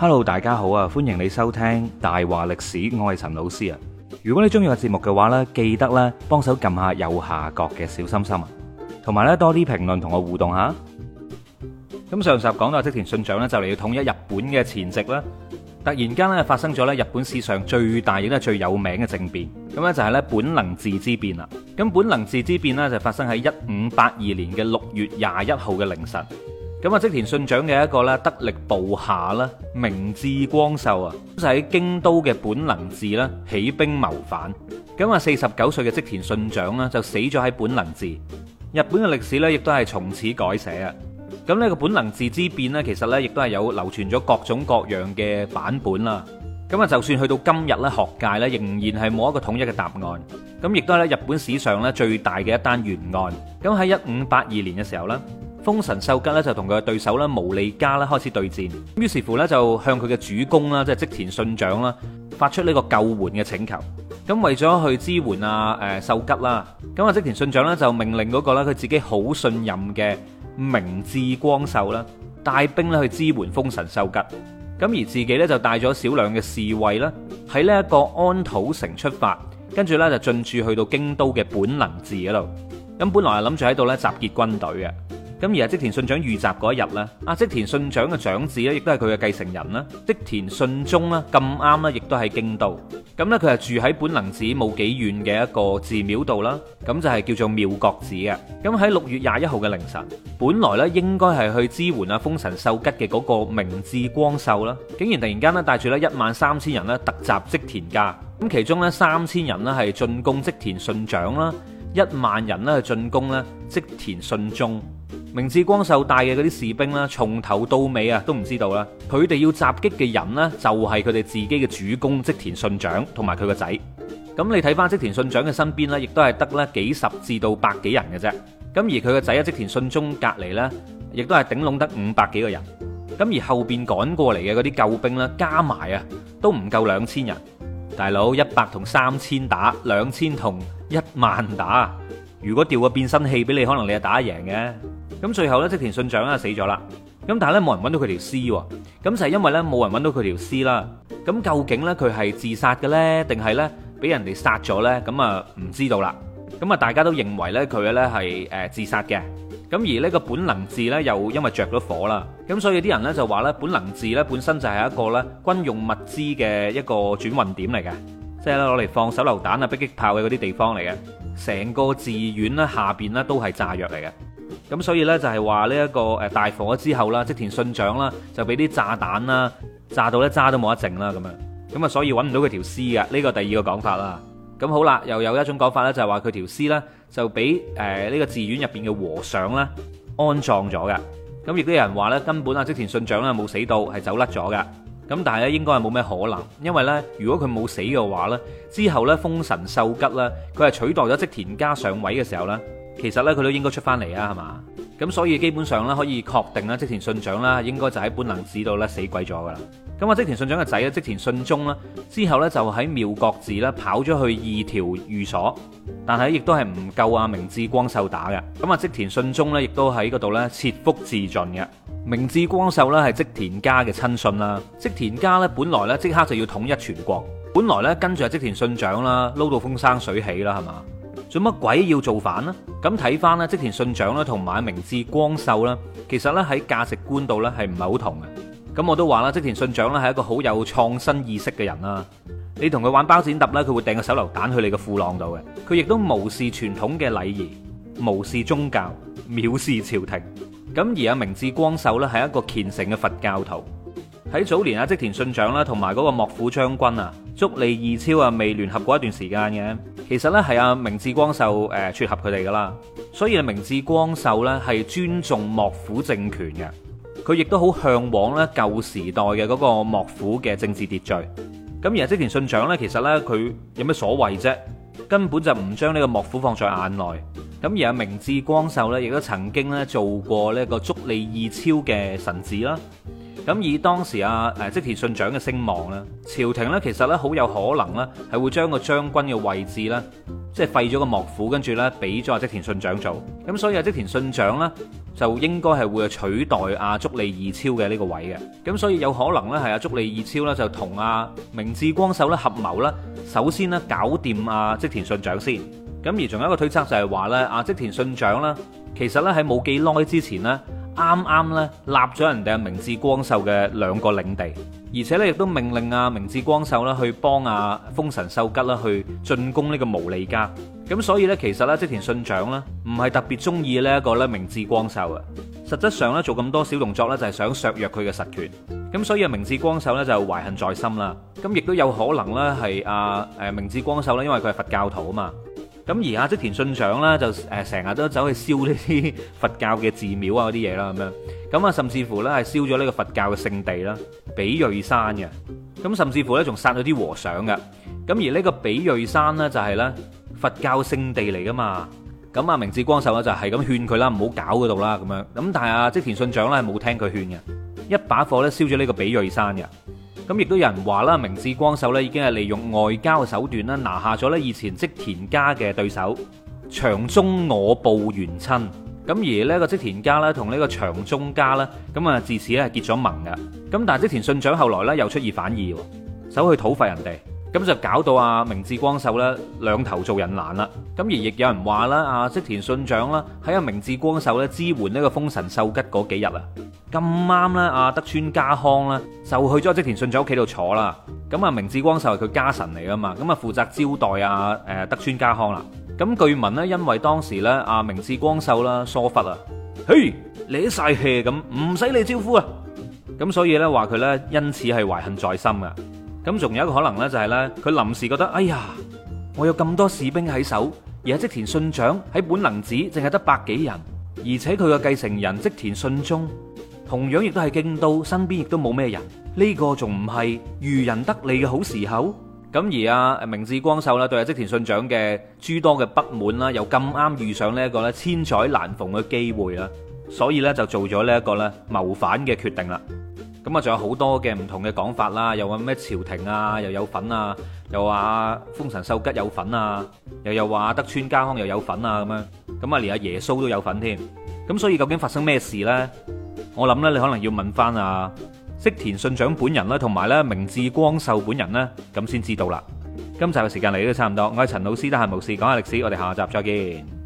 Hello，大家好啊！歡迎你收聽大話歷史，我係陳老師啊！如果你中意我節目嘅話呢，記得咧幫手撳下右下角嘅小心心啊，同埋咧多啲評論同我互動下。咁上集講到織田信長呢就嚟要統一日本嘅前夕啦，突然間呢，發生咗咧日本史上最大亦都最有名嘅政變，咁呢就係咧本能寺之變啦。咁本能寺之變呢，就發生喺一五八二年嘅六月廿一號嘅凌晨。咁啊，織田信長嘅一個咧得力部下啦，明智光秀啊，就喺京都嘅本能寺啦起兵謀反。咁啊，四十九歲嘅織田信長呢，就死咗喺本能寺。日本嘅歷史咧，亦都係從此改寫啊。咁呢個本能寺之變呢，其實咧亦都係有流傳咗各種各樣嘅版本啦。咁啊，就算去到今日咧，學界咧仍然係冇一個統一嘅答案。咁亦都係咧日本史上咧最大嘅一單懸案。咁喺一五八二年嘅時候咧。豐臣秀吉咧就同佢嘅對手咧毛利家咧開始對戰，於是乎咧就向佢嘅主公啦，即係織田信長啦，發出呢個救援嘅請求。咁為咗去支援啊誒秀吉啦，咁啊織田信長咧就命令嗰個咧佢自己好信任嘅明智光秀啦帶兵咧去支援豐臣秀吉，咁而自己咧就帶咗少量嘅侍衛啦喺呢一個安土城出發，跟住咧就進駐去到京都嘅本能寺嗰度。咁本來係諗住喺度咧集結軍隊嘅。咁而係織田信長遇襲嗰一日咧，阿織田信長嘅長子咧，亦都係佢嘅繼承人啦，織田信忠啦，咁啱啦，亦都係京都咁咧。佢係住喺本能寺冇幾遠嘅一個寺廟度啦，咁就係叫做妙覺寺嘅。咁喺六月廿一號嘅凌晨，本來咧應該係去支援阿豐臣秀吉嘅嗰個明智光秀啦，竟然突然間咧帶住咧一萬三千人咧突襲織田家，咁其中咧三千人咧係進攻織田信長啦，一萬人咧進攻咧織田信忠。明治光秀帶嘅嗰啲士兵啦，從頭到尾啊都唔知道啦。佢哋要襲擊嘅人呢，就係佢哋自己嘅主公織田信長同埋佢個仔。咁你睇翻織田信長嘅身邊呢，亦都係得啦幾十至到百幾人嘅啫。咁而佢個仔喺織田信中隔籬呢，亦都係頂籠得五百幾個人。咁而後邊趕過嚟嘅嗰啲救兵啦，加埋啊都唔夠兩千人。大佬一百同三千打，兩千同一萬打，如果調個變身器俾你，可能你係打得贏嘅。咁最後咧，織田信長死咗啦。咁但係咧，冇人揾到佢條屍喎。咁就係、是、因為咧冇人揾到佢條屍啦。咁究竟呢，佢係自殺嘅呢？定係呢，俾人哋殺咗呢？咁啊唔知道啦。咁啊，大家都認為呢，佢呢係自殺嘅。咁而呢個本能寺呢，又因為着咗火啦。咁所以啲人呢，就話呢，本能寺呢本身就係一個呢軍用物資嘅一個轉運點嚟嘅，即係咧攞嚟放手榴彈啊、迫擊炮嘅嗰啲地方嚟嘅。成個寺院呢，下邊呢，都係炸藥嚟嘅。咁所以呢，就係話呢一個誒大火咗之後啦，織田信長啦就俾啲炸彈啦炸到咧渣都冇得剩啦咁樣，咁啊所以揾唔到佢條屍嘅。呢個第二個講法啦。咁好啦，又有一種講法呢，就係話佢條屍呢就俾誒呢個寺院入邊嘅和尚呢安葬咗嘅。咁亦都有人話呢，根本阿織田信長呢冇死到係走甩咗嘅。咁但係咧應該係冇咩可能，因為呢，如果佢冇死嘅話呢，之後呢，豐臣秀吉呢，佢係取代咗織田家上位嘅時候呢。其實咧，佢都應該出翻嚟啊，係嘛？咁所以基本上咧，可以確定啦，織田信長咧應該就喺本能寺度咧死鬼咗噶啦。咁啊，織田信長嘅仔咧，織田信忠啦，之後咧就喺妙覺寺啦跑咗去二條御所，但係亦都係唔夠啊明智光秀打嘅。咁啊，織田信忠咧亦都喺嗰度咧切腹自盡嘅。明智光秀咧係織田家嘅親信啦。織田家咧本來咧即刻就要統一全國，本來咧跟住啊織田信長啦撈到風生水起啦，係嘛？做乜鬼要造反呢？咁睇翻咧，織田信長咧同埋明智光秀啦，其實咧喺價值觀度咧係唔係好同嘅。咁我都話啦，織田信長咧係一個好有創新意識嘅人啦。你同佢玩包剪揼咧，佢會掟個手榴彈去你嘅褲浪度嘅。佢亦都無視傳統嘅禮儀，無視宗教，藐視朝廷。咁而阿明智光秀咧係一個虔誠嘅佛教徒。喺早年阿織田信長啦同埋嗰個幕府將軍啊，足利義昭啊未聯合過一段時間嘅。其實咧係啊明智光秀誒撮合佢哋噶啦，所以啊明智光秀咧係尊重幕府政權嘅，佢亦都好向往咧舊時代嘅嗰個幕府嘅政治秩序。咁而啊織田信長咧其實咧佢有咩所謂啫？根本就唔將呢個幕府放在眼內。咁而阿明智光秀咧亦都曾經咧做過呢個足利義昭的神智」嘅臣子啦。咁以當時阿、啊、織田信長嘅聲望咧，朝廷咧其實咧好有可能咧係會將個將軍嘅位置咧，即係廢咗個幕府，跟住咧俾咗阿織田信長做。咁所以阿、啊、織田信長咧就應該係會取代阿、啊、足利義昭嘅呢個位嘅。咁所以有可能咧係阿足利義昭咧就同阿、啊、明智光秀咧合謀啦。首先咧搞掂阿織田信長先。咁而仲有一個推測就係話咧，阿、啊、織田信長呢，其實咧喺冇幾耐之前呢。啱啱咧納咗人哋啊明智光秀嘅兩個領地，而且咧亦都命令啊明智光秀啦去幫啊豐臣秀吉啦去進攻呢個毛利家。咁所以咧其實咧，織田信長咧唔係特別中意呢一個咧明智光秀嘅。實質上咧做咁多小動作咧就係想削弱佢嘅實權。咁所以啊明智光秀咧就懷恨在心啦。咁亦都有可能咧係啊誒明智光秀咧因為佢係佛教徒啊嘛。咁而阿織田信長啦，就誒成日都走去燒呢啲佛教嘅寺廟啊嗰啲嘢啦咁樣，咁啊甚至乎咧係燒咗呢個佛教嘅聖地啦，比叡山嘅，咁甚至乎咧仲殺咗啲和尚嘅，咁而呢個比叡山咧就係咧佛教聖地嚟噶嘛，咁啊明智光秀咧就係咁勸佢啦，唔好搞嗰度啦咁樣，咁但係阿織田信長咧冇聽佢勸嘅，一把火咧燒咗呢個比叡山嘅。咁亦都有人話啦，明智光秀咧已經係利用外交手段啦，拿下咗咧以前織田家嘅對手長宗我部元親。咁而呢個織田家啦同呢個長宗家啦，咁啊自此咧係結咗盟㗎。咁但係織田信長後來咧又出爾反爾喎，走去討伐人哋。咁就搞到阿明智光秀咧兩頭做人難啦。咁而亦有人話啦，阿織田信長啦喺阿明智光秀咧支援呢個豐臣秀吉嗰幾日啊。咁啱啦，阿德川家康啦就去咗織田信長屋企度坐啦。咁啊，明智光秀係佢家臣嚟噶嘛，咁啊負責招待阿誒德川家康啦。咁據聞呢，因為當時咧阿明智光秀啦疏忽啊，嘿，嘥晒氣咁唔使你招呼啊。咁所以咧話佢咧因此係懷恨在心啊。咁仲有一個可能咧，就係咧，佢臨時覺得，哎呀，我有咁多士兵喺手，而阿織田信長喺本能寺淨係得百幾人，而且佢嘅繼承人織田信忠同樣亦都係京都身邊亦都冇咩人，呢個仲唔係漁人得利嘅好時候？咁而阿明智光秀啦，對阿織田信長嘅諸多嘅不滿啦，又咁啱遇上呢一個咧千載難逢嘅機會啦，所以咧就做咗呢一個咧謀反嘅決定啦。咁啊，仲有好多嘅唔同嘅講法啦，又話咩朝廷啊，又有份啊，又話豐臣秀吉有份啊，又又話德川家康又有份啊，咁樣咁啊，連阿耶穌都有份添。咁所以究竟發生咩事呢？我諗呢，你可能要問翻阿織田信長本人啦，同埋呢明智光秀本人呢，咁先知道啦。今集嘅時間嚟到都差唔多，我係陳老師，得閒無事講下歷史，我哋下集再見。